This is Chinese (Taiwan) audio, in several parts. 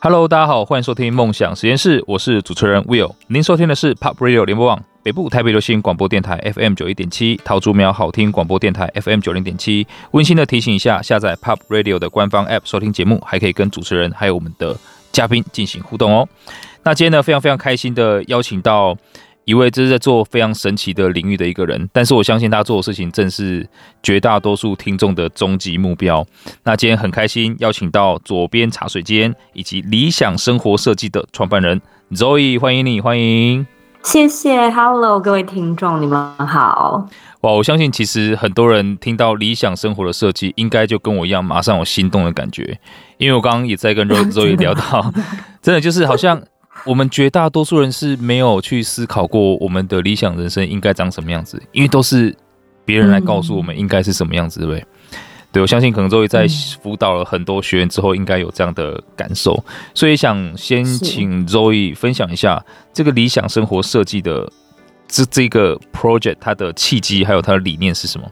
Hello，大家好，歡迎收聽夢想實驗室，我是主持人 Will。您收聽的是 Pop Radio 聯播網，北部台北流行廣播電台 FM 九一點七，桃竹苗好聽廣播電台 FM 九零點七。溫馨的提醒一下，下載 Pop Radio 的官方 App 收聽節目，還可以跟主持人還有我們的嘉賓進行互動哦。那今天呢，非常非常開心的邀請到。一位這是在做非常神奇的領域的一個人，但是我相信他做的事情正是絕大多數聽眾的終極目標。那今天很開心邀請到佐編茶水間以及理想生活設計的創辦人 Zoey，歡迎你，歡迎。謝謝，Hello，各位聽眾，你們好。哇，我相信其實很多人聽到理想生活的設計，應該就跟我一樣，馬上有心動的感覺，因為我剛剛也在跟 Zoey 聊到， 真的嗎？ 真的就是好像。我們絕大多數人是沒有去思考過我們的理想人生應該長什麼樣子，因為都是別人來告訴我們應該是什麼樣子，對、嗯、對，我相信可能 Zoey 在輔導了很多學員之後，應該有這樣的感受，所以想先請 Zoey 分享一下這個理想生活設計的這這個 project 它的契機，還有它的理念是什麼？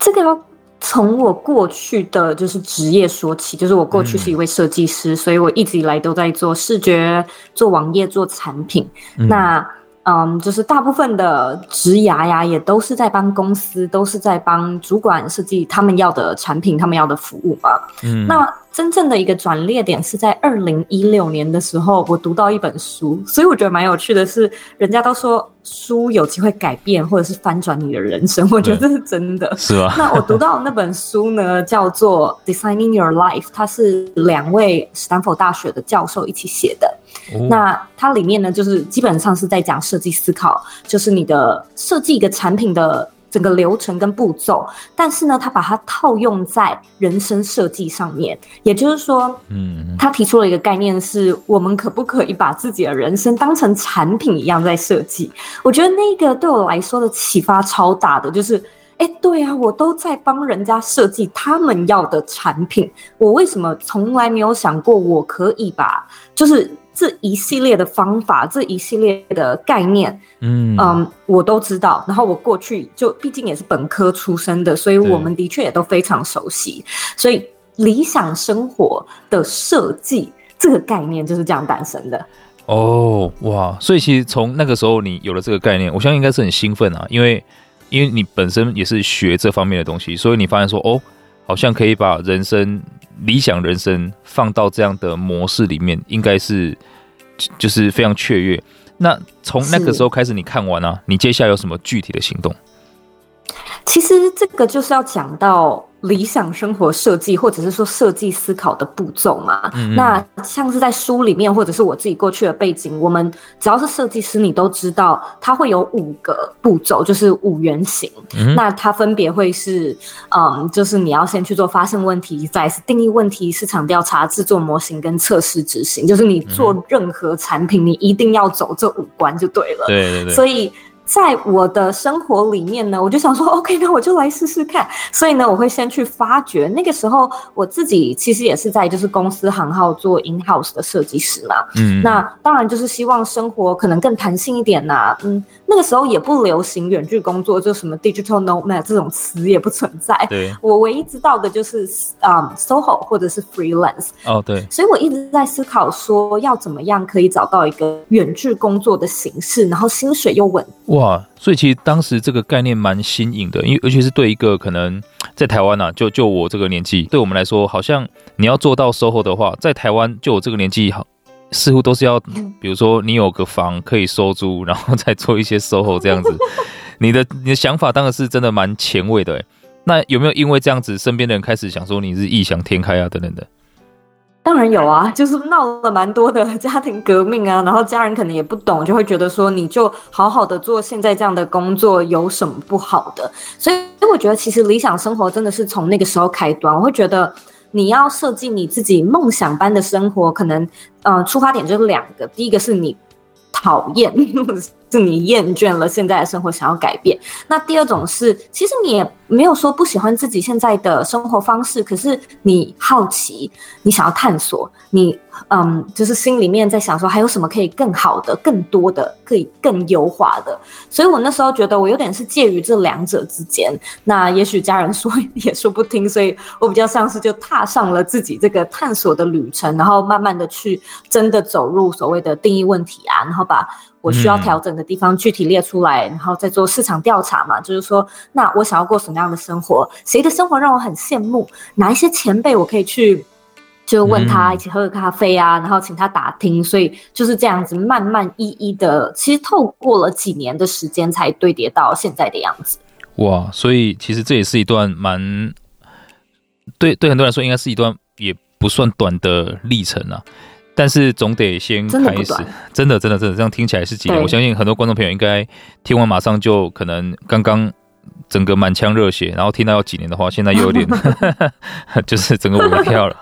這個。從我過去的就是職業說起，就是我過去是一位設計師，嗯、所以我一直以來都在做視覺、做網頁、做產品。嗯，那嗯，就是大部分的職涯呀，也都是在幫公司，都是在幫主管設計他們要的產品，他們要的服務嘛。嗯。那。真正的一個轉捩點是在二零一六年的時候，我讀到一本書，所以我覺得蠻有趣的是，是人家都說書有機會改變或者是翻轉你的人生，我覺得這是真的。是啊。那我讀到那本書呢，叫做《Designing Your Life》，它是兩位斯坦福大學的教授一起寫的。哦。那它裡面呢，就是基本上是在講設計思考，就是你的設計一個產品的。整個流程跟步驟，但是呢，他把它套用在人生設計上面，也就是說，嗯，他提出了一個概念是，我們可不可以把自己的人生當成產品一樣在設計？我覺得那個對我來說的啟發超大的，就是，哎，對啊，我都在幫人家設計他們要的產品，我為什麼從來沒有想過我可以把，就是。這一系列的方法，這一系列的概念，嗯嗯、呃，我都知道。然後我過去就畢竟也是本科出身的，所以我們的確也都非常熟悉。所以理想生活的設計這個概念就是這樣誕生的。哦哇，所以其實從那個時候你有了這個概念，我相信應該是很興奮啊，因為因為你本身也是學這方面的東西，所以你發現說哦。好像可以把人生、理想人生放到這樣的模式裡面，應該是就是非常雀躍。那從那個時候開始，你看完啊，你接下來有什麼具體的行動？其實這個就是要講到。理想生活設計，或者是說設計思考的步驟嘛。嗯嗯。那像是在書裡面，或者是我自己過去的背景，我們只要是設計師，你都知道它會有五個步驟，就是五原型。嗯嗯。那它分別會是，嗯，就是你要先去做發現問題，再是定義問題、市場調查、制作模型跟測試執行。就是你做任何產品，嗯嗯，你一定要走這五關就對了。對對對。所以。在我的生活裡面呢，我就想說，OK，那我就來試試看。所以呢，我會先去發掘。那個時候我自己其實也是在就是公司行號做 in house 的設計師嘛。嗯，那。那當然就是希望生活可能更彈性一點吶、啊。嗯。那個時候也不流行遠距工作，就什麼 digital nomad 這種詞也不存在。對。我唯一知道的就是啊、嗯、Soho 或者是 freelance。哦，對。所以我一直在思考說，要怎麼樣可以找到一個遠距工作的形式，然後薪水又穩定。哇，所以其實當時這個概念蠻新穎的，因為而且是對一個可能在台灣吶、啊，就就我這個年紀，對我們來說，好像你要做到 SOHO 的話，在台灣就我這個年紀好，似乎都是要，比如說你有個房可以收租，然後再做一些 SOHO 這樣子。你的你的想法當然是真的蠻前衛的、欸。那有沒有因為這樣子，身邊的人開始想說你是異想天開啊等等的？當然有啊，就是鬧了蠻多的家庭革命啊，然後家人可能也不懂，就會覺得說，你就好好的做現在這樣的工作有什麼不好的？所以我覺得其實理想生活真的是從那個時候開端。我會覺得你要設計你自己夢想般的生活，可能呃出發點就是兩個，第一個是你討厭。呵呵是你厭倦了現在的生活，想要改變。那第二種是，其實你也沒有說不喜歡自己現在的生活方式，可是你好奇，你想要探索，你嗯，就是心裡面在想說，還有什麼可以更好的、更多的、可以更優化的。所以我那時候覺得，我有點是介於這兩者之間。那也許家人說也說不聽，所以我比較像是就踏上了自己這個探索的旅程，然後慢慢的去真的走入所謂的定義問題啊，然後把。我需要調整的地方、嗯、具體列出來，然後再做市場調查嘛？就是說，那我想要過什麼樣的生活？誰的生活讓我很羨慕？哪一些前輩我可以去，就問他、嗯、一起喝個咖啡啊，然後請他打聽。所以就是這樣子慢慢一一的，其實透過了幾年的時間才堆疊到現在的樣子。哇，所以其實這也是一段蠻，對對，很多人來說應該是一段也不算短的歷程啊。但是總得先開始，真的，真的，真的，這樣聽起來是幾年。我相信很多觀眾朋友應該聽完，馬上就可能剛剛整個滿腔熱血，然後聽到要幾年的話，現在又有點 就是整個無聊了。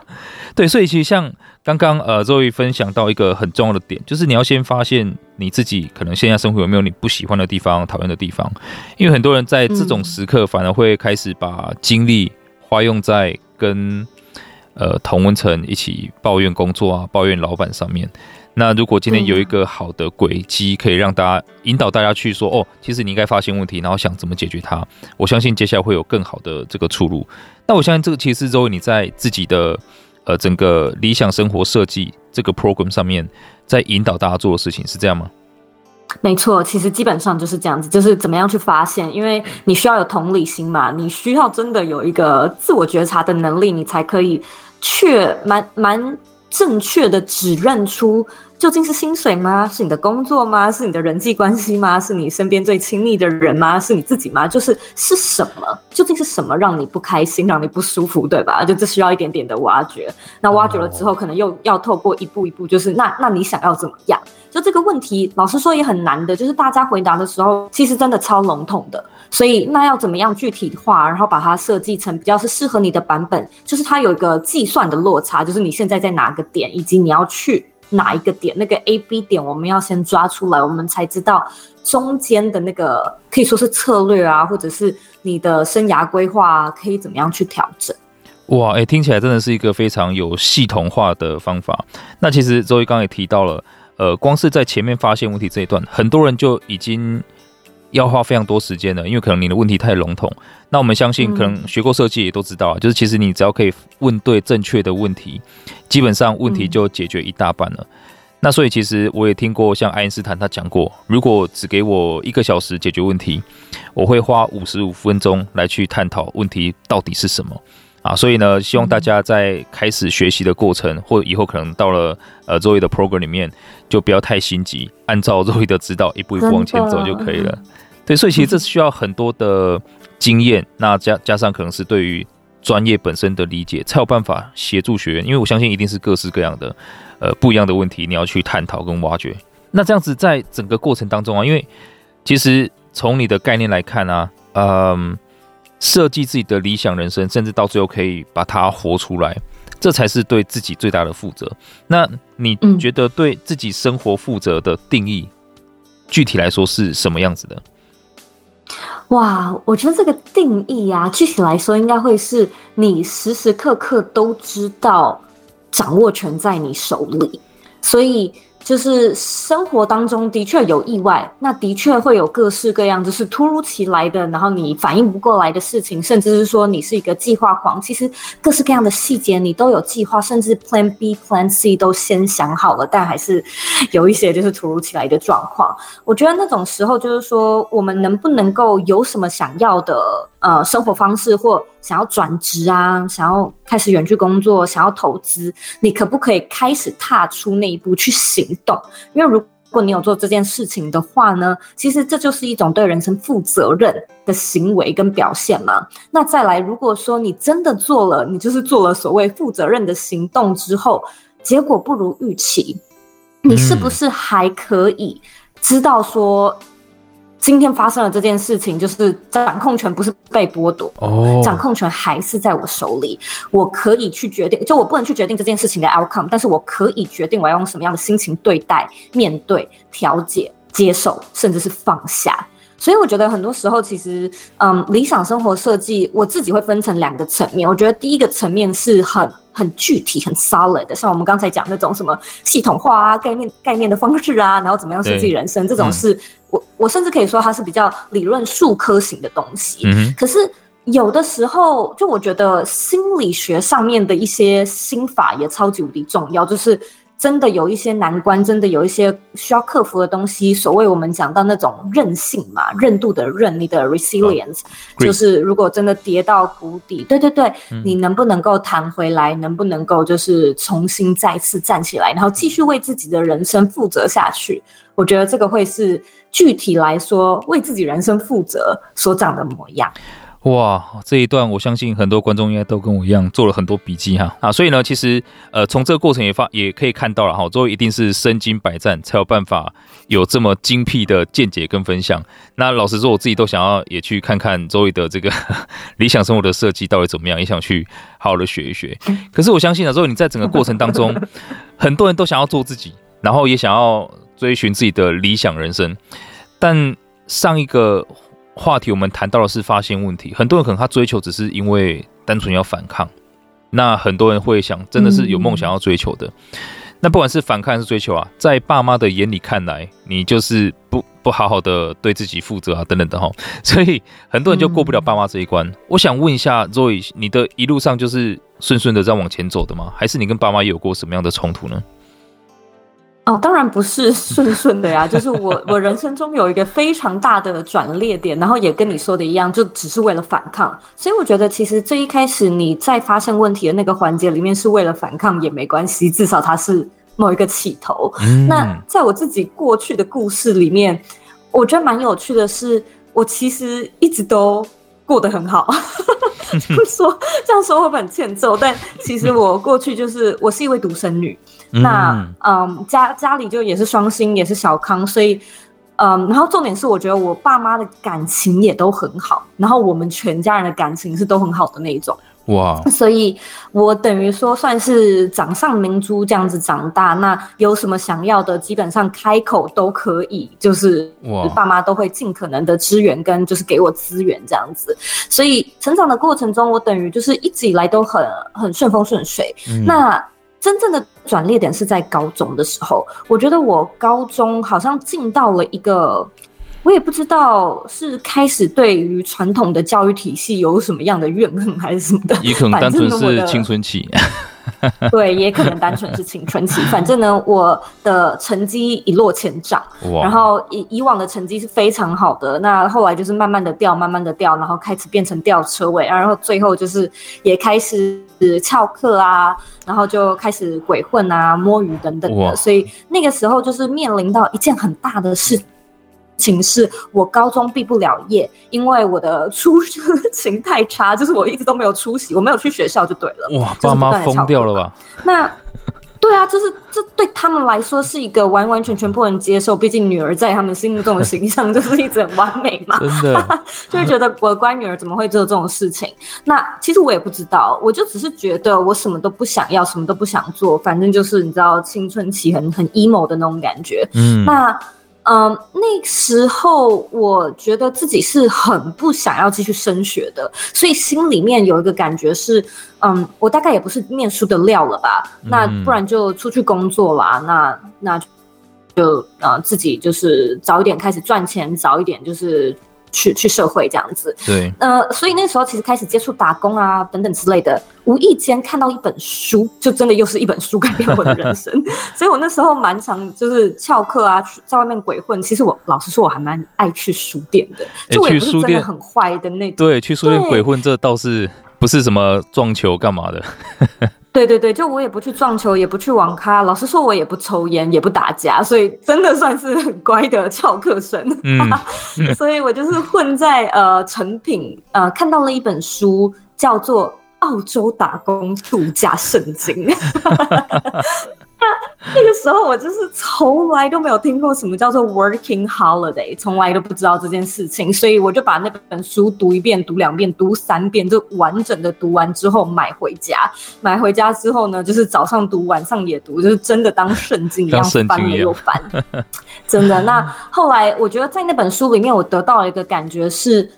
對，所以其實像剛剛呃，Zoey 分享到一個很重要的點，就是你要先發現你自己可能現在生活有沒有你不喜歡的地方、討厭的地方，因為很多人在這種時刻反而會開始把精力花用在跟。呃，同溫層一起抱怨工作啊，抱怨老板上面。那如果今天有一個好的軌跡，嗯、可以讓大家引導大家去說哦，其實你應該發現問題，然後想怎麼解決它。我相信接下來會有更好的這個出路。那我相信這個其實都是你在自己的呃整個理想生活設計這個 program 上面在引導大家做的事情，是這樣嗎？沒錯，其實基本上就是這樣子，就是怎麼樣去發現，因為你需要有同理心嘛，你需要真的有一個自我覺察的能力，你才可以。卻蠻蠻正確的指認出究竟是薪水嗎？是你的工作嗎？是你的人際關係嗎？是你身邊最親密的人嗎？是你自己嗎？就是是什麼？究竟是什麼讓你不開心，讓你不舒服，對吧？就這需要一點點的挖掘。那挖掘了之後，可能又要透過一步一步，就是那那你想要怎麼樣？就這個問題，老實說也很難的。就是大家回答的時候，其實真的超籠統的。所以那要怎麼樣具體化，然後把它設計成比較是適合你的版本，就是它有一個計算的落差，就是你現在在哪個點，以及你要去哪一個點，那個 AB 點我們要先抓出來，我們才知道中間的那個可以說是策略啊，或者是你的生涯規劃啊，可以怎麼樣去調整。哇，哎，欸，聽起來真的是一個非常有系統化的方法。那其實 Zoey 剛剛也提到了，呃，光是在前面發現問題這一段，很多人就已經。要花非常多時間的，因為可能你的問題太籠統。那我們相信，可能學過設計也都知道啊、嗯，就是其實你只要可以問對正確的問題，基本上問題就解決一大半了。嗯、那所以其實我也聽過，像愛因斯坦他講過，如果只給我一個小時解決問題，我會花五十五分鐘來去探討問題到底是什麼啊。所以呢，希望大家在開始學習的過程，嗯、或以後可能到了呃 Zoey 的 program 裡面，就不要太心急，按照 Zoey 的指導一步一步往前走就可以了。對，所以其實這是需要很多的經驗，那加加上，可能是對於專業本身的理解，才有辦法協助學員。因為我相信一定是各式各樣的，呃，不一樣的問題，你要去探討跟挖掘。那這樣子在整個過程當中啊，因為其實從你的概念來看啊，嗯，呃，設計自己的理想人生，甚至到最後可以把它活出來，這才是對自己最大的負責。那你覺得對自己生活負責的定義，具體來說是什麼樣子的？哇，我覺得這個定義啊，具體來說，應該會是你時時刻刻都知道，掌握權在你手裡，所以。就是生活當中的確有意外，那的確會有各式各樣就是突如其來的，然後你反應不過來的事情，甚至是說你是一個計劃狂，其實各式各樣的細節你都有計劃，甚至 Plan B、Plan C 都先想好了，但還是有一些就是突如其來的狀況。我覺得那種時候，就是說我們能不能夠有什麼想要的？呃，生活方式或想要轉職啊，想要開始遠距工作，想要投資，你可不可以開始踏出那一步去行動？因為如果你有做這件事情的話呢，其實這就是一種對人生負責任的行為跟表現嘛。那再來，如果說你真的做了，你就是做了所謂負責任的行動之後，結果不如預期，你是不是還可以知道說？今天發生的這件事情，就是掌控權不是被剝奪，oh. 掌控權還是在我手裡，我可以去決定，就我不能去決定這件事情的 outcome，但是我可以決定我要用什麼樣的心情對待、面對、調解、接受，甚至是放下。所以我覺得很多時候，其實，嗯，理想生活設計，我自己會分成兩個層面。我覺得第一個層面是很。很具體、很 solid 的，像我們剛才講那種什麼系統化啊、概念、概念的方式啊，然後怎麼樣設計人生，這種是、嗯、我我甚至可以說它是比較理論術科型的東西、嗯。可是有的時候，就我覺得心理學上面的一些心法也超級無敵重要，就是。真的有一些難關，真的有一些需要克服的東西。所謂我們講到那種韌性嘛，韌度的韌，你的 resilience，oh, 就是如果真的跌到谷底，對對對，你能不能夠彈回來、嗯，能不能夠就是重新再次站起來，然後繼續為自己的人生負責下去，我覺得這個會是具體來說，為自己人生負責所長的模樣。哇，這一段我相信很多觀眾應該都跟我一樣做了很多筆記哈啊，所以呢，其實呃，從這個過程也發也可以看到了哈，Zoey 一定是身經百戰才有辦法有這麼精闢的見解跟分享。那老實說，我自己都想要也去看看 Zoey 的這個呵呵理想生活的設計到底怎麼樣，也想去好好的學一學。可是我相信啊，Zoey 你在整個過程當中， 很多人都想要做自己，然後也想要追尋自己的理想人生，但上一個。話題我們談到的是發現問題，很多人可能他追求只是因為單純要反抗，那很多人會想真的是有夢想要追求的、嗯，那不管是反抗還是追求啊，在爸媽的眼裡看來，你就是不不好好的對自己負責啊，等等的哈，所以很多人就過不了爸媽這一關、嗯。我想問一下，Zoey 你的一路上就是順順的在往前走的嗎？還是你跟爸媽有過什麼樣的衝突呢？哦，當然不是順順的呀、啊，就是我我人生中有一個非常大的轉捩點， 然後也跟你說的一樣，就只是為了反抗，所以我覺得其實最一開始你在發現問題的那個環節裡面是為了反抗也沒關係，至少它是某一個起頭、嗯。那在我自己過去的故事裡面，我覺得蠻有趣的是，是我其實一直都過得很好， 不說這樣說會很欠揍，但其實我過去就是我是一位獨生女。那嗯，嗯，家家裡就也是雙薪，也是小康，所以嗯，然後重點是我覺得我爸媽的感情也都很好，然後我們全家人的感情是都很好的那一種。哇！所以，我等於說算是掌上明珠這樣子長大。那有什麼想要的，基本上開口都可以，就是爸媽都會盡可能的支援跟就是給我資源這樣子。所以，成長的過程中，我等於就是一直以來都很很順風順水、嗯。那真正的。轉捩點是在高中的時候，我覺得我高中好像進到了一個，我也不知道是開始對於傳統的教育體系有什麼樣的怨恨，還是什麼的，也可能單純是青春期。 對，也可能單純是青春期。 反正呢，我的成績一落千丈，wow. 然後以以往的成績是非常好的，那後來就是慢慢的掉，慢慢的掉，然後開始變成吊車尾，然後最後就是也開始翹課啊，然後就開始鬼混啊、摸魚等等的。Wow. 所以那個時候就是面臨到一件很大的事。情是，我高中畢不了業，因為我的出勤太差，就是我一直都沒有出席，我沒有去學校就對了。哇，爸媽瘋掉了吧？那對啊，就是這對他們來說是一個完完全全不能接受， 畢竟女兒在他們心目中的形象就是一直很完美嘛，真的， 就是覺得我乖女兒怎麼會做這種事情？ 那其實我也不知道，我就只是覺得我什麼都不想要，什麼都不想做，反正就是你知道，青春期很很 emo 的那種感覺。嗯，那。嗯，那時候我覺得自己是很不想要繼續升學的，所以心裡面有一個感覺是，嗯，我大概也不是念書的料了吧？那不然就出去工作啦。嗯、那那就呃，自己就是早一點開始賺錢，早一點就是。去去社會這樣子，對，呃，所以那時候其實開始接觸打工啊等等之類的，無意間看到一本書，就真的又是一本書改變了我的人生。所以我那時候蠻常就是翹課啊，在外面鬼混。其實我老實說，我還蠻愛去書店的，就我也不是真的很壞的那種。對，去書店鬼混，這倒是不是什麼撞球幹嘛的。 對對對，就我也不去撞球，也不去網咖。老實說，我也不抽煙，也不打架，所以真的算是很乖的翹課生。嗯嗯、 所以我就是混在呃成品呃看到了一本書，叫做《澳洲打工度假聖經。》 那個時候，我就是從來都沒有聽過什麼叫做 working holiday，從來都不知道這件事情，所以我就把那本書讀一遍、讀兩遍、讀三遍，就完整的讀完之後買回家。買回家之後呢，就是早上讀，晚上也讀，就是真的當聖經一樣，一樣翻了又翻。 真的。那後來，我覺得在那本書裡面，我得到了一個感覺是，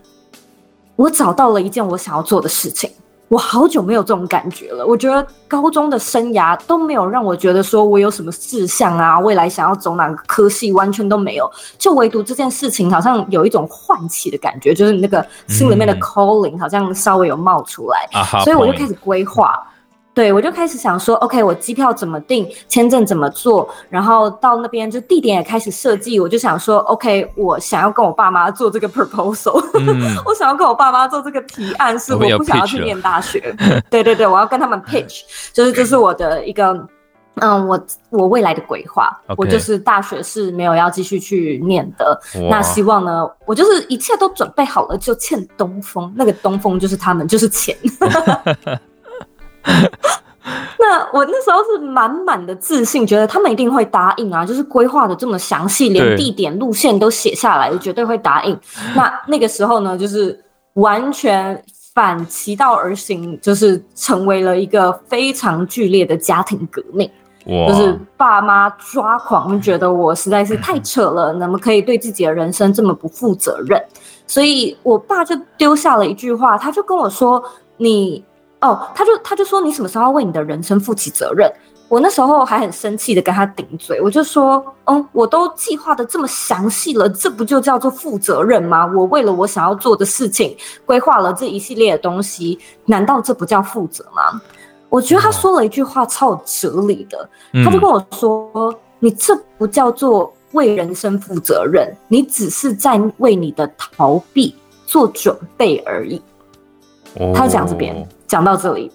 我找到了一件我想要做的事情。我好久沒有這種感覺了。我覺得高中的生涯都沒有讓我覺得說我有什麼志向啊，未來想要走哪個科系，完全都沒有。就唯獨這件事情，好像有一種喚起的感覺，嗯，就是那個心裡面的 calling 好像稍微有冒出來，啊，所以我就開始規劃。嗯嗯對，我就開始想說，OK，我機票怎麼訂，簽證怎麼做，然後到那邊就地點也開始設計。我就想說，OK，我想要跟我爸媽做這個 proposal，嗯、 我想要跟我爸媽做這個提案，是我不想要去念大學。對對對，我要跟他們 pitch， 就是這、就是我的一個，嗯，我我未來的規劃，Okay. 我就是大學是沒有要繼續去念的。那希望呢，我就是一切都準備好了，就欠東風。那個東風就是他們，就是錢。 那我那時候是滿滿的自信，覺得他們一定會答應啊！就是規劃的這麼詳細，連地點路線都寫下來，絕對會答應。那那個時候呢，就是完全反其道而行，就是成為了一個非常劇烈的家庭革命。就是爸媽抓狂，覺得我實在是太扯了，怎麼可以對自己的人生這麼不負責任？所以，我爸就丟下了一句話，他就跟我說：“你。”哦，他就他就說，你什麼時候要為你的人生負起責任？我那時候還很生氣的跟他頂嘴，我就說，嗯，我都計劃的這麼詳細了，這不就叫做負責任嗎？我為了我想要做的事情規劃了這一系列的東西，難道這不叫負責嗎？我覺得他說了一句話、嗯、超有哲理的，他就跟我說，你這不叫做為人生負責任，你只是在為你的逃避做準備而已。他就講這邊。嗯講到這裡，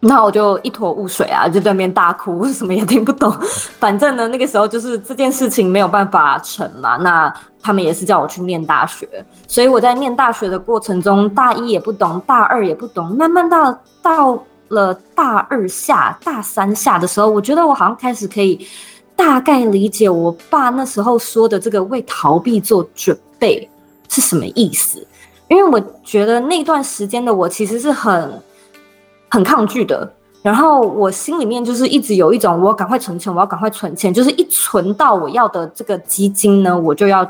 然後我就一頭霧水啊，就在那邊大哭，我什麼也聽不懂。反正呢，那個時候就是這件事情沒有辦法成嘛。那他們也是叫我去念大學，所以我在念大學的過程中，大一也不懂，大二也不懂，慢慢到到了大二下、大三下的時候，我覺得我好像開始可以大概理解我爸那時候說的這個為逃避做準備是什麼意思，因為我覺得那段時間的我其實是很。很抗拒的，然後我心裡面就是一直有一種，我趕快存錢，我要趕快存錢，就是一存到我要的這個基金呢，我就要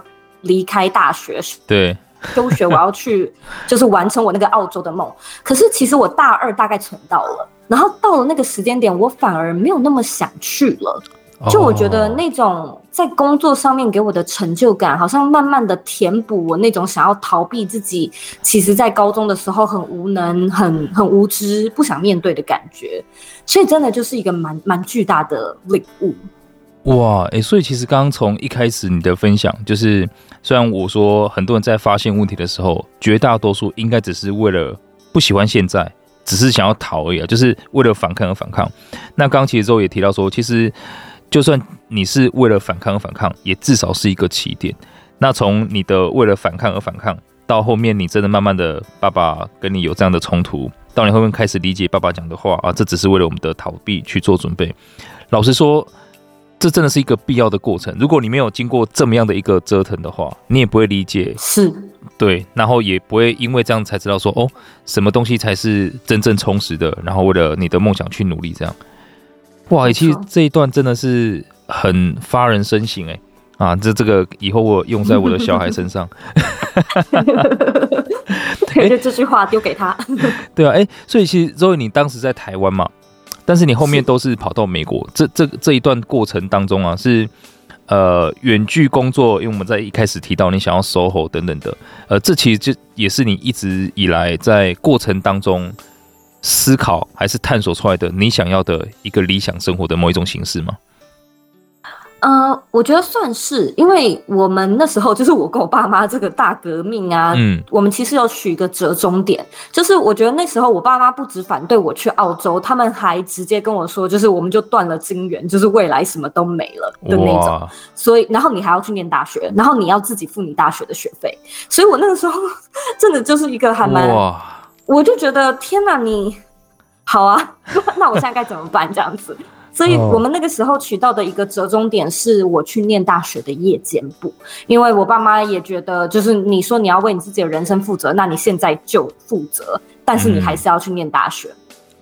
離開大學，對，休學，我要去，就是完成我那個澳洲的夢。 可是其實我大二大概存到了，然後到了那個時間點，我反而沒有那麼想去了。就我覺得那種在工作上面給我的成就感，好像慢慢的填補我那種想要逃避自己，其實在高中的時候很無能、很很無知、不想面對的感覺，所以真的就是一個蠻蠻巨大的領悟。哇，哎、欸，所以其實剛剛從一開始你的分享，就是雖然我說很多人在發現問題的時候，絕大多數應該只是為了不喜歡現在，只是想要逃而已啊，就是為了反抗而反抗。那剛剛其實之後也提到說，其實。就算你是為了反抗而反抗，也至少是一個起點。那從你的為了反抗而反抗到後面，你真的慢慢的，爸爸跟你有這樣的衝突，到你後面開始理解爸爸講的話啊，這只是為了我們的逃避去做準備。老實說，這真的是一個必要的過程。如果你沒有經過這麼樣的一個折騰的話，你也不會理解。是。對，然後也不會因為這樣才知道說哦，什麼東西才是真正充實的，然後為了你的夢想去努力這樣。哇，其實這一段真的是很發人深省哎啊，這這個以後我用在我的小孩身上，哈哈哈哈哈。而且這句話丟給他、欸。對啊，哎、欸，所以其實 Zoey，你當時在台灣嘛，但是你後面都是跑到美國，這這這一段過程當中啊，是呃遠距工作，因為我們在一開始提到你想要 SOHO 等等的，呃，這其實就也是你一直以來在過程當中。思考還是探索出來的？你想要的一個理想生活的某一種形式嗎？呃，我覺得算是，因為我們那時候就是我跟我爸媽這個大革命啊，嗯，我們其實要取一個折中點。就是我覺得那時候我爸媽不止反對我去澳洲，他們還直接跟我說，就是我們就斷了金援，就是未來什麼都沒了的那種。所以，然後你還要去念大學，然後你要自己付你大學的學費。所以我那個時候真的就是一個還蠻。我就覺得天哪、啊，你好啊！那我現在該怎麼辦？ 這樣子，所以我們那個時候取到的一個折中點是我去念大學的夜間部，因為我爸媽也覺得，就是你說你要為你自己的人生負責，那你現在就負責，但是你還是要去念大學，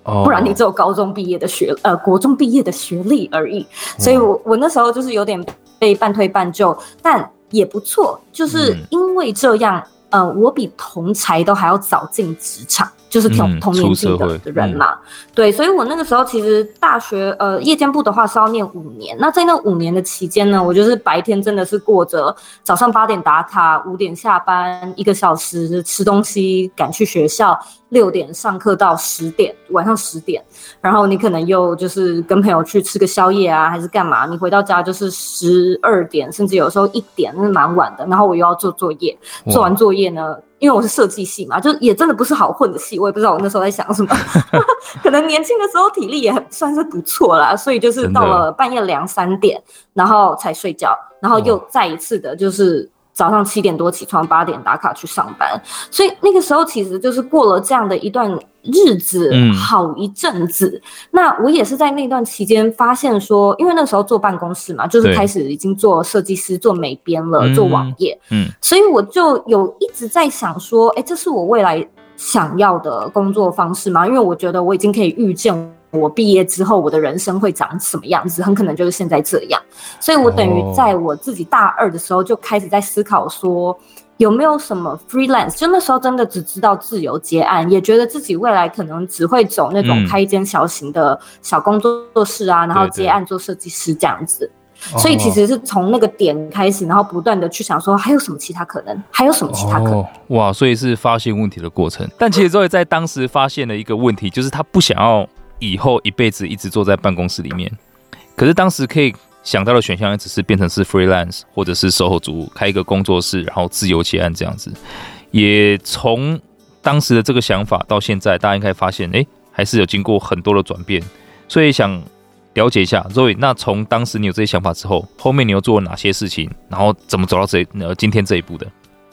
嗯、不然你只有高中畢業的學呃國中畢業的學歷而已。所以我我那時候就是有點被半推半就，但也不錯，就是因為這樣。嗯呃，我比同儕都還要早進職場，就是同同年紀的人嘛、嗯嗯。對，所以我那個時候其實大學呃，夜間部的話是要念五年。那在那五年的期間呢，我就是白天真的是過着早上八點打卡，五點下班，一個小時吃東西，趕去學校。六點上課到十點，晚上十點，然後你可能又就是跟朋友去吃個宵夜啊，還是幹嘛？你回到家就是十二點，甚至有時候一點，那是蠻晚的。然後我又要做作業，做完作業呢，因為我是設計系嘛，就也真的不是好混的系，我也不知道我那時候在想什麼。 可能年輕的時候體力也算是不錯啦。所以就是到了半夜兩三點，然後才睡覺，然後又再一次的就是。早上七點多起床，八點打卡去上班，所以那個時候其實就是過了這樣的一段日子，好一陣子，嗯。那我也是在那段期間發現說，因為那時候坐辦公室嘛，就是開始已經做設計師、做美編了、做網頁，嗯，嗯，所以我就有一直在想說，誒，欸，這是我未來。想要的工作方式嗎？因為我覺得我已經可以預見我畢業之後我的人生會長什麼樣子，很可能就是現在這樣，所以我等於在我自己大二的時候就開始在思考說有沒有什麼 freelance，就那時候真的只知道自由接案，也覺得自己未來可能只會走那種開一間小型的小工作室啊，嗯、然後接案做設計師這樣子。對對對所以其實是從那個點開始，然後不斷的去想說還有什麼其他可能，還有什麼其他可能。哦、哇，所以是發現問題的過程。但其實 Zoey 在當時發現了一個問題， 就是他不想要以後一輩子一直坐在辦公室裡面。可是當時可以想到的選項，也只是變成是 freelance 或者是 SOHO 族，開一個工作室，然後自由接案這樣子。也從當時的這個想法到現在，大家應該發現，誒、欸，還是有經過很多的轉變。所以想。了解一下，Zoey，那從當時你有這些想法之後，後面你又做了哪些事情？然後怎麼走到這呃今天這一步的？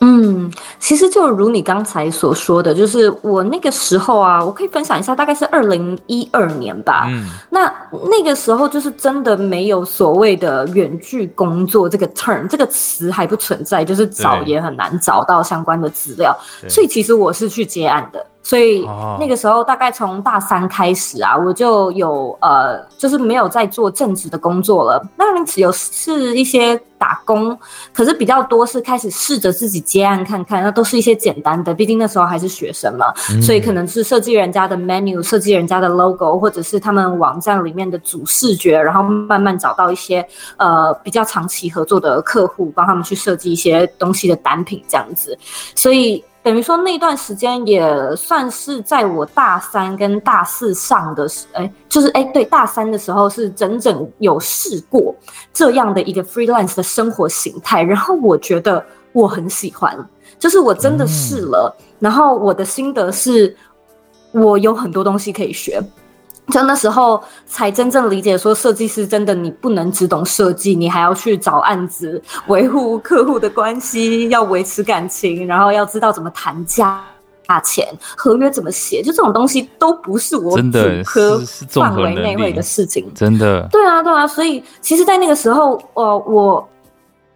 嗯，其實就如你剛才所說的，就是我那個時候啊，我可以分享一下，大概是二零一二年吧。嗯，那那個時候就是真的沒有所謂的“遠距工作”這個 term 這個詞還不存在，就是找也很難找到相關的資料。所以其實我是去接案的。所以那個時候，大概從大三開始啊，哦、我就有呃，就是沒有在做正職的工作了。那只有是一些打工，可是比較多是開始試着自己接案看看。那都是一些簡單的，畢竟那時候還是學生嘛。嗯、所以可能是設計人家的 menu，設計人家的 logo，或者是他們網站裡面的主視覺，然後慢慢找到一些呃比較長期合作的客戶，幫他們去設計一些東西的單品這樣子。所以。等於說那段時間也算是在我大三跟大四上的時，哎、欸，就是哎、欸，對，大三的時候是整整有試過這樣的一個 freelance 的生活形態，然後我覺得我很喜歡，就是我真的試了，嗯嗯，然後我的心得是，我有很多東西可以學。就那時候才真正理解，說設計師真的，你不能只懂設計，你還要去找案子，維護客戶的關係，要維持感情，然後要知道怎麼談價、價錢、合約怎麼寫，就這種東西都不是我主科範圍內會的事情真的。真的。對啊，對啊，所以其實，在那個時候，呃，我。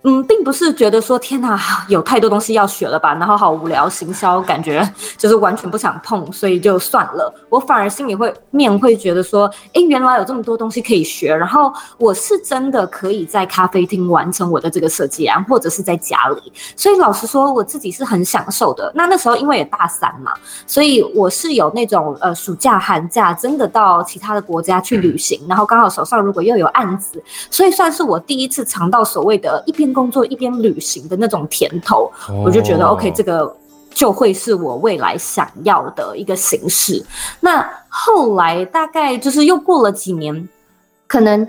嗯，並不是覺得說天哪，有太多東西要學了吧，然後好無聊，行銷感覺就是完全不想碰，所以就算了。我反而心裡會面會覺得說，誒、欸，原來有這麼多東西可以學，然後我是真的可以在咖啡廳完成我的這個設計啊，或者是在家裡。所以老實說，我自己是很享受的。那那時候因為也大三嘛，所以我是有那種呃暑假寒假真的到其他的國家去旅行，嗯、然後剛好手上如果又有案子，所以算是我第一次嘗到所謂的一邊。工作一邊旅行的那種甜頭，oh. 我就覺得 OK，這個就會是我未來想要的一個形式。那後來大概就是又過了幾年，可能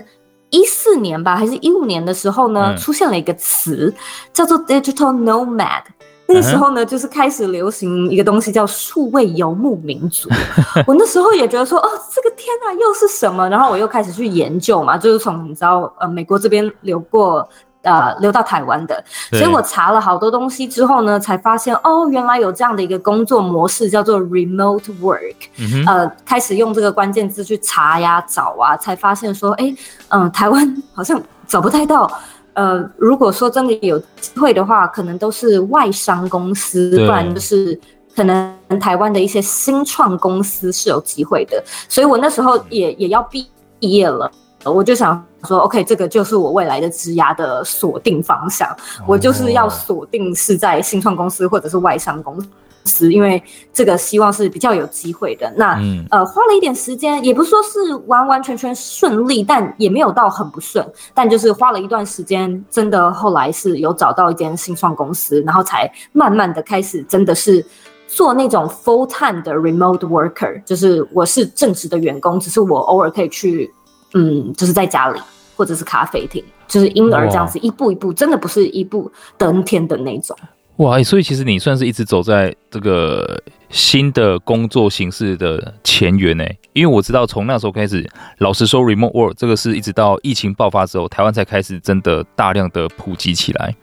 一四年吧，還是一五年的時候呢，嗯、出現了一個詞叫做 “digital nomad”。那個時候呢、嗯，就是開始流行一個東西叫“數位游牧民族。” 我那時候也覺得說：“哦，這個天哪、啊，又是什麼？”然後我又開始去研究嘛，就是從你知道，呃，美國這邊流過。呃，留到台灣的，所以我查了好多東西之後呢，才發現哦，原來有這樣的一個工作模式叫做 remote work，嗯，呃，開始用這個關鍵字去查呀、找啊，才發現說，哎，欸，嗯，呃，台灣好像找不太到，呃，如果說真的有機會的話，可能都是外商公司，不然就是可能台灣的一些新創公司是有機會的，所以我那時候也也要畢畢業了。我就想說，OK，這個就是我未來的職涯的鎖定方向。Oh. 我就是要鎖定是在新創公司或者是外商公司，因為這個希望是比較有機會的。那，Mm. 呃，花了一點時間，也不說是完完全全順利，但也沒有到很不順。但就是花了一段時間，真的後來是有找到一間新創公司，然後才慢慢的開始，真的是做那種 full time 的 remote worker，就是我是正職的員工，只是我偶爾可以去。嗯，就是在家裡，或者是咖啡廳，就是嬰兒這樣子，一步一步，真的不是一步登天的那種。哇、欸，所以其實你算是一直走在這個新的工作形式的前緣呢、欸。因為我知道，從那時候開始，老實說，remote work 這個是一直到疫情爆發之後，台灣才開始真的大量的普及起來。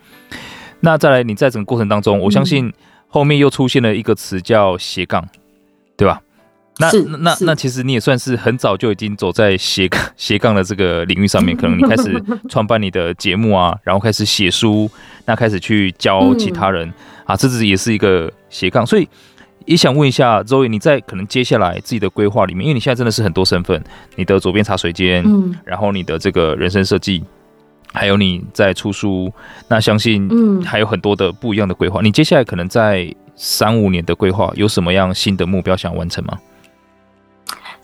那再來，你在整個過程當中、嗯，我相信後面又出現了一個詞叫斜槓，對吧？那那那，那其實你也算是很早就已經走在斜斜槓的這個領域上面，可能你開始創辦你的節目啊， 然後開始寫書，那開始去教其他人、嗯、啊，這次也是一個斜槓，所以也想問一下周穎，Zoey, 你在可能接下來自己的規劃裡面，因為你現在真的是很多身份，你的左邊茶水間，嗯，然後你的這個人生設計，還有你在出書，那相信嗯還有很多的不一樣的規劃、嗯，你接下來可能在三五年的規劃有什麼樣新的目標想完成嗎？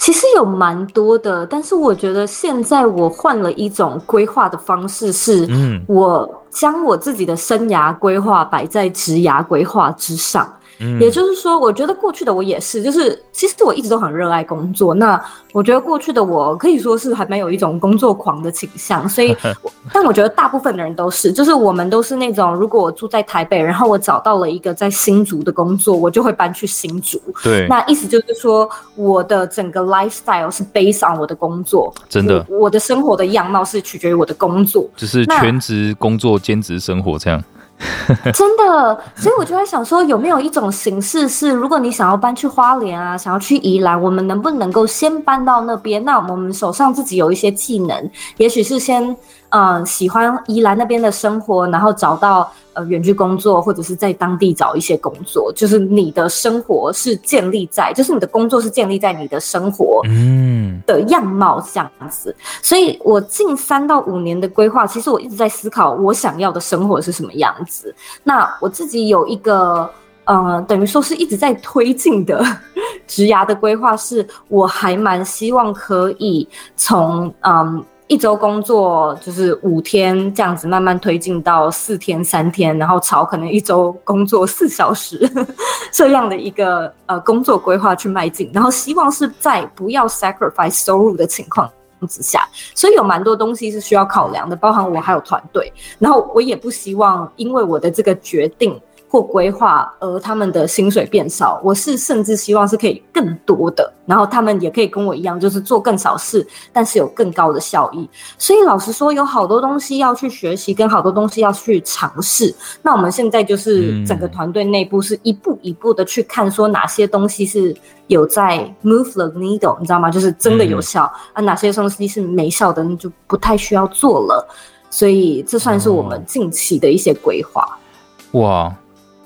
其實有蠻多的，但是我覺得現在我換了一種規劃的方式是，是、嗯，我將我自己的生涯規劃擺在職涯規劃之上。嗯、也就是說，我覺得過去的我也是，就是其實我一直都很熱愛工作。那我覺得過去的我可以說是還蠻有一種工作狂的傾向。所以， 但我覺得大部分的人都是，就是我們都是那種，如果我住在台北，然後我找到了一個在新竹的工作，我就會搬去新竹。對。那意思就是說，我的整個 lifestyle 是 based on 我的工作，真的，我，我的生活的樣貌是取決於我的工作，就是全職工作、兼職生活這樣。 真的，所以我就在想說，有沒有一種形式是，如果你想要搬去花蓮啊，想要去宜蘭，我們能不能夠先搬到那邊？那我們手上自己有一些技能，也許是先。嗯，喜歡宜蘭那邊的生活，然後找到呃遠距工作，或者是在當地找一些工作，就是你的生活是建立在，就是你的工作是建立在你的生活嗯的樣貌這樣子。嗯、所以我近三到五年的規劃，其實我一直在思考我想要的生活是什麼樣子。那我自己有一個呃，等於說是一直在推進的職涯的規劃，是我還蠻希望可以從嗯。呃一週工作就是五天這樣子，慢慢推進到四天、三天，然後朝可能一週工作四小時 這樣的一個呃工作規劃去邁進，然後希望是在不要 sacrifice 收入的情況之下，所以有蠻多東西是需要考量的，包含我還有團隊，然後我也不希望因為我的這個決定。或規劃，而他們的薪水變少，我是甚至希望是可以更多的，然後他們也可以跟我一樣，就是做更少事，但是有更高的效益。所以老實說，有好多東西要去學習，跟好多東西要去嘗試。那我們現在就是整個團隊內部是一步一步的去看，說哪些東西是有在 move the needle，你知道嗎？就是真的有效，嗯，啊，哪些東西是沒效的，那就不太需要做了。所以這算是我們近期的一些規劃。哇。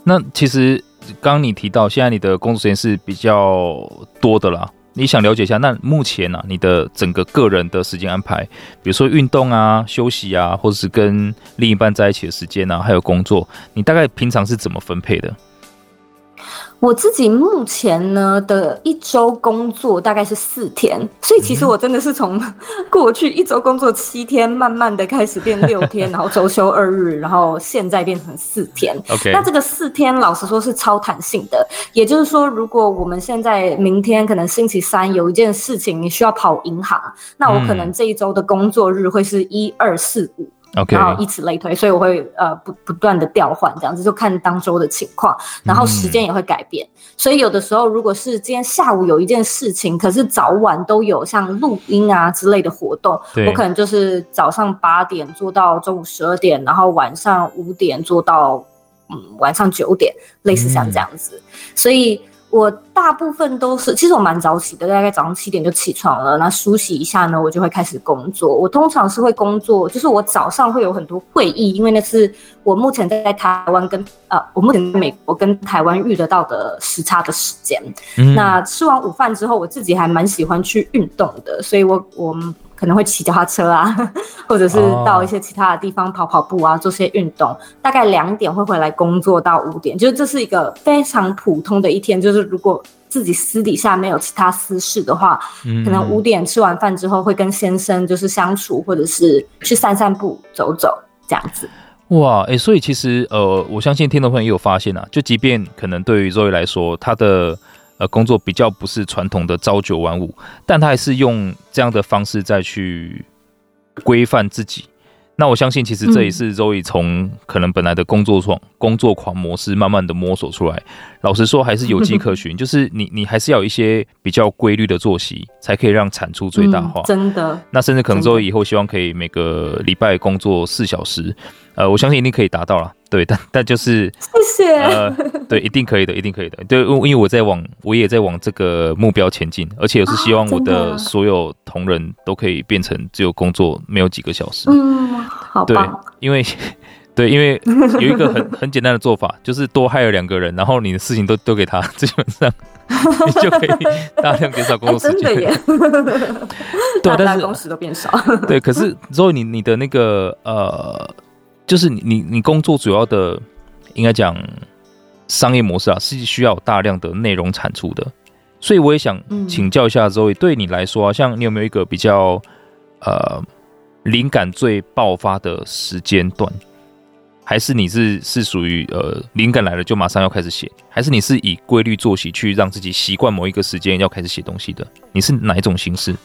那其實，剛剛你提到現在你的工作時間是比較多的啦。你想了解一下，那目前呢、啊，你的整個個人的時間安排，比如說運動啊、休息啊，或者是跟另一半在一起的時間啊，還有工作，你大概平常是怎麼分配的？我自己目前呢的一週工作大概是四天，所以其實我真的是從過去一週工作七天，慢慢的開始變六天，然後週休二日， 然後現在變成四天。Okay. 那這個四天老實說是超彈性的，也就是說，如果我們現在明天可能星期三有一件事情你需要跑銀行，那我可能這一週的工作日會是一二四五。 Okay. 然後以此類推，所以我會呃不不斷的調換這樣子，就看當周的情況，然後時間也會改變。嗯。所以有的時候，如果是今天下午有一件事情，可是早晚都有像錄音啊之類的活動，我可能就是早上八點做到中午十二點，然後晚上五點做到嗯晚上九點，類似像這樣子，嗯。所以，我大部分都是，其實我蠻早起的，大概早上七點就起床了，那梳洗一下呢，我就會開始工作。我通常是會工作，就是我早上會有很多會議，因為那是我目前在台灣跟呃，我目前在美國跟台灣遇得到的時差的時間，嗯。那吃完午飯之後，我自己還蠻喜歡去運動的，所以我我。可能會騎腳踏車啊，或者是到一些其他的地方跑跑步啊，oh. 做些運動。大概兩點會回來工作到五點，就是這是一個非常普通的一天。就是如果自己私底下沒有其他私事的話，可能五點吃完飯之後會跟先生就是相處，oh. 或者是去散散步、走走這樣子。哇，哎、欸，所以其實呃，我相信聽眾朋友也有發現啊，就即便可能對於 Zoey 來說，他的。呃，工作比較不是傳統的朝九晚五，但他還是用這樣的方式再去規範自己。那我相信，其實這也是 Zoey 從可能本來的工作狂、工作狂模式，慢慢的摸索出來。老實說，還是有跡可循、嗯。就是你，你還是要有一些比較規律的作息，才可以讓產出最大化。嗯、真的。那甚至可能 Zoey 以後希望可以每個禮拜工作四小時，呃，我相信一定可以達到啦。對，但但就是謝謝。呃，對，一定可以的，一定可以的。對，因為我在往，我也在往這個目標前進，而且也是希望我的所有同仁都可以變成只有工作沒有幾個小時。嗯、啊，好棒、啊。對，因為對，因為有一個很 很簡單的做法，就是多 hire 兩個人，然後你的事情都丟給他，基本上你就可以大量減少工作時間。對、欸，但是工時都變少。對，但是，對，可是如果你你的那個呃。就是你你你工作主要的應該講商業模式啊，是需要大量的內容產出的。所以我也想請教一下 Zoey，對你來說啊，像你有沒有一個比較呃靈感最爆發的時間段？還是你是是屬於呃靈感來了就馬上要開始寫？還是你是以規律作息去讓自己習慣某一個時間要開始寫東西的？你是哪一種形式？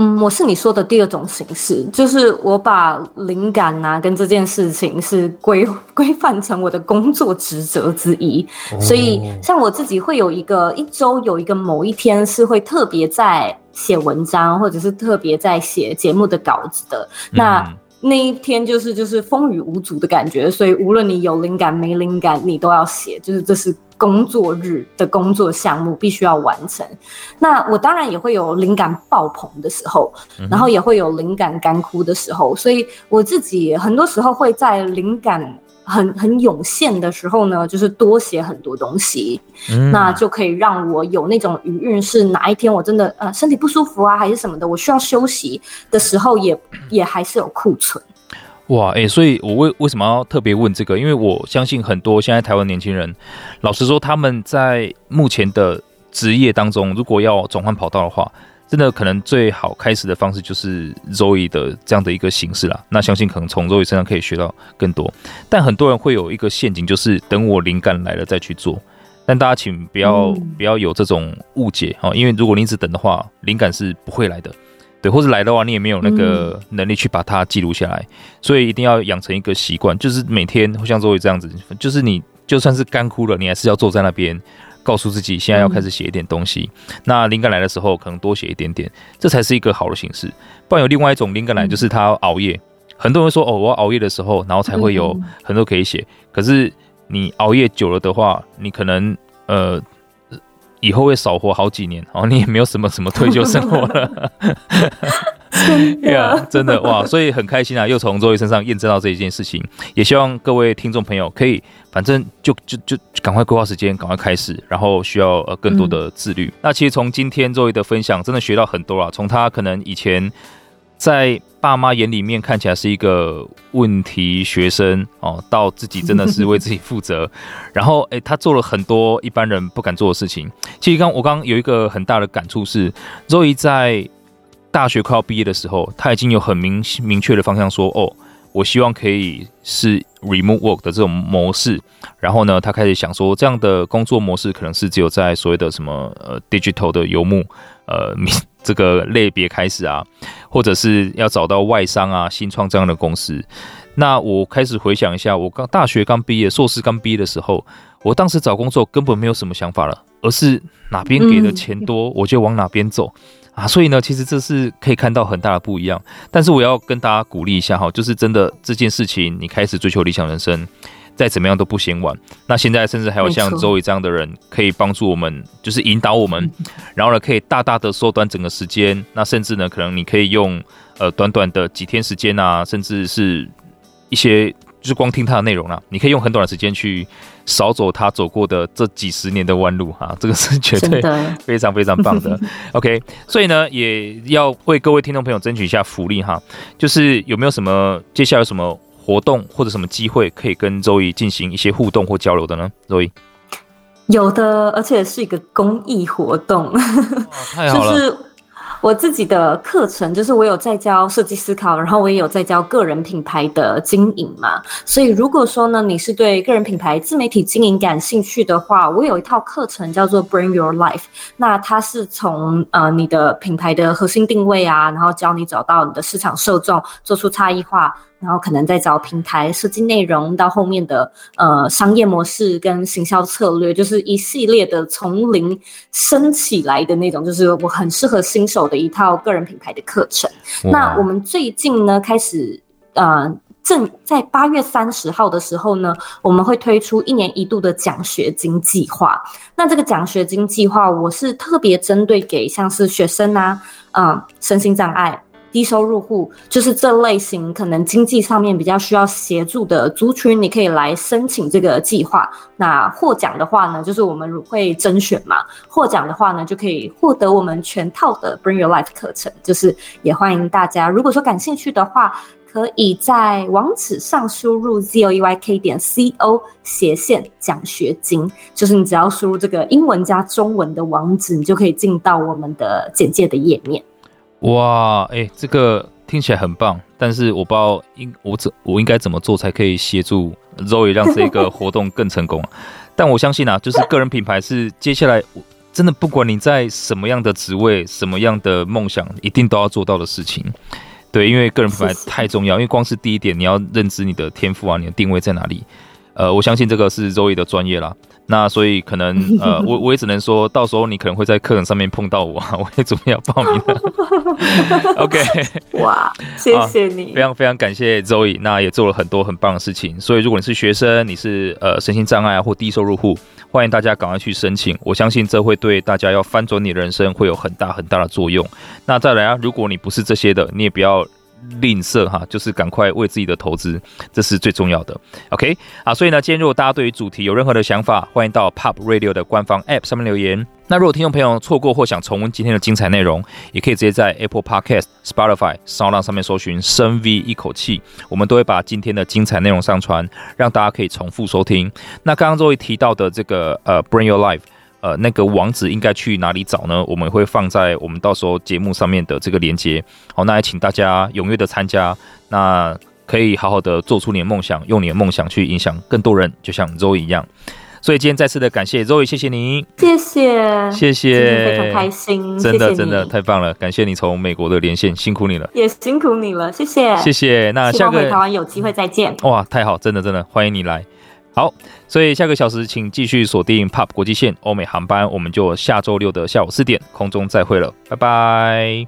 嗯，我是你說的第二種形式，就是我把靈感啊跟這件事情是規規範成我的工作職責之一。哦，所以像我自己會有一個一周有一個某一天是會特別在寫文章，或者是特別在寫節目的稿子的。嗯，那那一天就是就是風雨無阻的感覺，所以無論你有靈感沒靈感，你都要寫，就是這是。工作日的工作項目必須要完成，那我當然也會有靈感爆棚的時候，然後也會有靈感乾枯的時候，所以我自己很多時候會在靈感很很湧現的時候呢，就是多寫很多東西，那就可以讓我有那種餘韻，是哪一天我真的呃身體不舒服啊，還是什麼的，我需要休息的時候也也還是有庫存。哇，哎、欸，所以，我為為什麼要特別問這個？因為我相信很多現在台灣年輕人，老實說，他們在目前的職業當中，如果要轉換跑道的話，真的可能最好開始的方式就是 Zoey 的這樣的一個形式啦。那相信可能從 Zoey 身上可以學到更多。但很多人會有一個陷阱，就是等我靈感來了再去做。但大家請不要、嗯、不要有這種誤解哦，因為如果你一直等的話，靈感是不會來的。對，或是來的話，你也沒有那個能力去把它記錄下來、嗯，所以一定要養成一個習慣，就是每天，像周圍這樣子，就是你就算是乾枯了，你還是要坐在那邊，告訴自己現在要開始寫一點東西。嗯、那靈感來的時候，可能多寫一點點，這才是一個好的形式。不然有另外一種靈感來，就是他熬夜、嗯。很多人說哦，我要熬夜的時候，然後才會有很多可以寫、嗯。可是你熬夜久了的話，你可能呃。以後會少活好幾年，然、哦、後你也沒有什麼什麼退休生活了。對啊，真的哇，所以很開心啊，又從 Zoey 身上驗證到這一件事情。也希望各位聽眾朋友可以，反正就就就,就趕快規劃時間，趕快開始，然後需要呃更多的自律、嗯。那其實從今天 Zoey 的分享，真的學到很多啊，從他可能以前。在爸媽眼裡面看起來是一個問題學生哦，到自己真的是為自己負責， 然後哎、欸，他做了很多一般人不敢做的事情。其實剛我剛有一個很大的感觸是，Zoey 在大學快要畢業的時候，他已經有很明明確的方向說，說哦，我希望可以是 remote work 的這種模式。然後呢，他開始想說，這樣的工作模式可能是只有在所謂的什麼呃 digital 的游牧。呃，這個類別開始啊，或者是要找到外商啊、新創這樣的公司。那我開始回想一下，我剛大學剛畢業、碩士剛畢業的時候，我當時找工作根本沒有什麼想法了，而是哪邊給的錢多，嗯、我就往哪邊走啊。所以呢，其實這是可以看到很大的不一樣。但是我要跟大家鼓勵一下哈，就是真的這件事情，你開始追求理想人生。再怎麼樣都不嫌晚。那現在甚至還有像 Zoey 這樣的人，可以幫助我們，就是引導我們、嗯，然後呢，可以大大的縮短整個時間。那甚至呢，可能你可以用呃短短的幾天時間啊，甚至是一些就是光聽他的內容啊，你可以用很短的時間去少走他走過的這幾十年的彎路哈。這個是絕對非常非常棒的。真的 OK，所以呢，也要為各位聽眾朋友爭取一下福利哈，就是有沒有什麼？接下來有什麼？活動或者什麼機會可以跟 Zoey 進行一些互動或交流的呢？Zoey？有的，而且是一個公益活動。哦，太好了！ 就是我自己的課程，就是我有在教設計思考，然後我也有在教個人品牌的經營嘛。所以如果說呢，你是對個人品牌、自媒體經營感興趣的話，我有一套課程叫做 “Bring Your Life”。那它是從呃你的品牌的核心定位啊，然後教你找到你的市場受眾，做出差異化。然後可能在找平台設計內容，到後面的呃商業模式跟行銷策略，就是一系列的從零升起來的那種，就是我很適合新手的一套個人品牌的課程。Wow. 那我們最近呢，開始呃正在八月三十號的時候呢，我們會推出一年一度的獎學金計劃。那這個獎學金計劃，我是特別針對給像是學生啊，嗯、呃，身心障礙。低收入戶就是這類型，可能經濟上面比較需要協助的族群，你可以來申請這個計劃。那獲獎的話呢，就是我們會甄選嘛。獲獎的話呢，就可以獲得我們全套的 Bring Your Life 課程。就是也歡迎大家，如果說感興趣的話，可以在網址上輸入 zoeyk 點 co 斜線獎學金。就是你只要輸入這個英文加中文的網址，你就可以進到我們的簡介的頁面。哇，哎、欸，這個聽起來很棒，但是我不知道應我怎我，我應該怎麼做才可以協助 Zoey 讓這個活動更成功？ 但我相信啊，就是個人品牌是接下來真的不管你在什麼樣的職位、什麼樣的夢想，一定都要做到的事情。對，因為個人品牌太重要，因為光是第一點，你要認知你的天賦啊，你的定位在哪裡。呃，我相信這個是 Zoey 的專業啦。那所以可能呃，我我也只能說到時候你可能會在課程上面碰到我啊，我也準備要報名了。 OK，哇，謝謝你，啊、非常非常感謝 Zoey，那也做了很多很棒的事情。所以如果你是學生，你是呃身心障礙、啊、或低收入戶，歡迎大家趕快去申請，我相信這會對大家要翻轉你的人生會有很大很大的作用。那再來啊，如果你不是這些的，你也不要吝嗇哈，就是趕快為自己的投資，這是最重要的。OK，啊，所以呢，今天如果大家對於主題有任何的想法，歡迎到 POP Radio 的官方 App 上面留言。那如果聽眾朋友錯過或想重溫今天的精彩內容，也可以直接在 Apple Podcast、Spotify、SoundOn 上面搜尋“深 V 一口氣”，我們都會把今天的精彩內容上傳，讓大家可以重複收聽。那剛剛 Zoey 提到的這個呃，Bring Your Life。呃，那個網址應該去哪裡找呢？我們會放在我們到時候節目上面的這個連結。好，那也請大家踴躍的參加，那可以好好的做出你的夢想，用你的夢想去影響更多人，就像 Zoey 一樣。所以今天再次的感謝 Zoey，Zoey，謝謝你，謝謝，謝謝，非常開心，真的謝謝，真的，真的太棒了，感謝你從美國的連線，辛苦你了，也辛苦你了，謝謝，謝謝。那下個希望回台灣有機會再見。哇，太好，真的真的歡迎你來。好，所以下個小時請繼續鎖定 POP 國際線歐美航班，我們就下周六的下午四點空中再會了，拜拜。